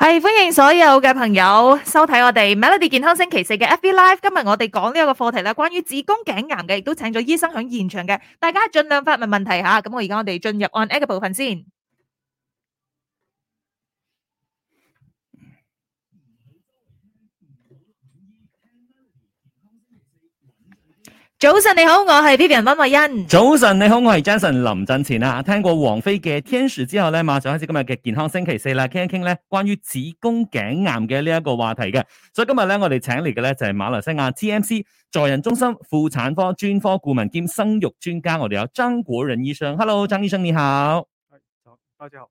是歡迎所有嘅朋友收睇我哋 Melody 健康星期四嘅 FB Live。今日我哋講呢個課題啦，關於子宮頸癌嘅，亦都請咗醫生喺現場嘅，大家盡量發問問題吓。咁我而家我哋進入 on air 嘅部分先。早晨你好，我係 P P R 溫慧欣。早晨你好，我係，係 Jason 林振前啊，聽過王菲嘅天使之後呢馬上開始今日嘅健康星期四啦，傾一傾咧，關於子宮頸癌嘅呢一個話題嘅，所以今日呢我哋請嚟嘅呢就係馬來西亞 T M C 助孕中心婦產科專科顧問兼生育專家，我哋有張國仁醫生。Hello，張醫生你好。係，大家好。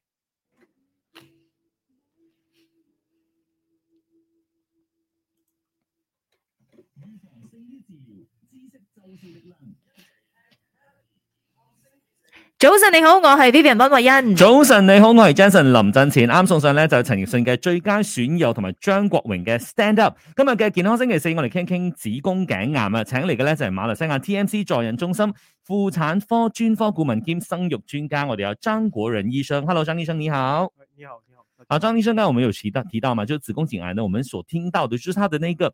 早晨你好，我係 Vivian 溫慧欣。早晨你好，我係 Jason 林振前。啱送上咧就係陳奕迅嘅最佳損友同埋張國榮嘅 Stand Up。今日嘅健康星期四，我哋傾傾子宮頸癌啊，請嚟嘅咧就係馬來西亞 TMC 助孕中心婦產科專科顧問兼生育專家，我哋有張國仁醫生。Hello，張醫生你好。你好，你好。啊，張醫生咧，我們有提到提到嘛，就子宮頸癌呢，我們所聽到嘅就係佢嘅那個。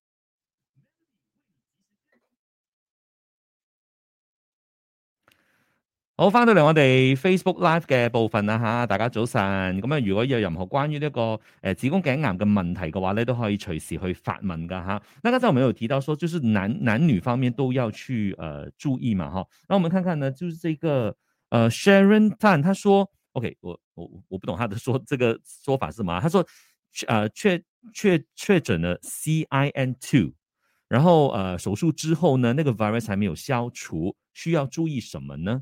好，翻到嚟我哋 Facebook Live 嘅部分啦，吓大家早晨。咁啊，如果有任何關於呢個誒子宮頸癌嘅問題嘅話咧，都可以隨時去發問噶吓。那剛才我們有提到說，就是男男女方面都要去誒注意嘛，哈。那我們看看呢，就是這個誒，Sharon Tan，他說，OK，我我我不懂他的說，這個說法是嘛？他說，誒，確確確診了 CIN two，然後誒手術之後呢，那個 virus 還沒有消除，需要注意什麼呢？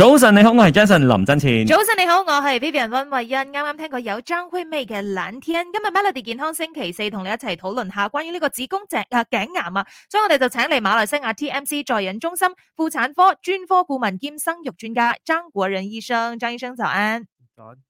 早晨，你好，我係 Jason 林振前。早晨，你好，我係 Vivian 溫慧欣。啱啱聽過有張輝眉嘅冷天，今日 Melody 健康星期四，同你一齊討論下關於呢個子宮頸啊頸癌啊，所以我哋就請嚟馬來西亞 TMC 在孕中心婦產科專科顧問兼生育專家張國仁醫生。張醫生早安。早安。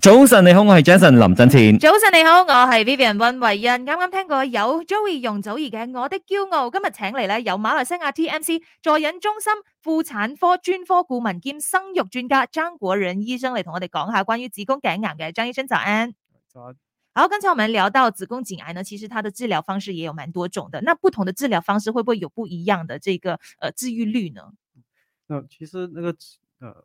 早晨，你好，我係 Jason 林振前。早晨，你好，我係 Vivian 溫維恩。啱啱聽過有 Joey 容祖兒嘅《我的驕傲》，今日請嚟咧由馬來西亞 TMC 助孕中心婦產科專科顧問兼生育專家張國仁醫生嚟同我哋講下關於子宮頸癌嘅。張醫生早安。早。好，剛才我們聊到子宮頸癌呢，其實它的治療方式也有蠻多種的。那不同的治療方式會不會有不一樣的這個、呃、治癒率呢？其實那個，呃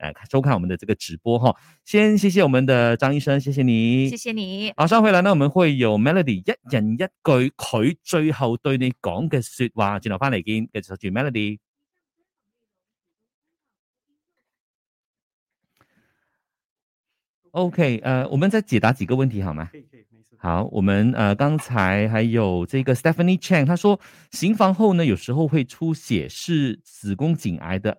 哎、呃，收看我們的這個直播哈！先謝謝我們的張醫生，謝謝你，謝謝你。馬、啊、上回來呢，我們會有 Melody、啊、一人一句，佢最後對你講嘅說話，轉頭翻嚟見跟住 Melody。OK，呃，我們再解答幾個問題好嗎？好，我們呃剛才還有這個 Stephanie Chen，她說行房後呢，有時候會出血，是子宮頸癌的。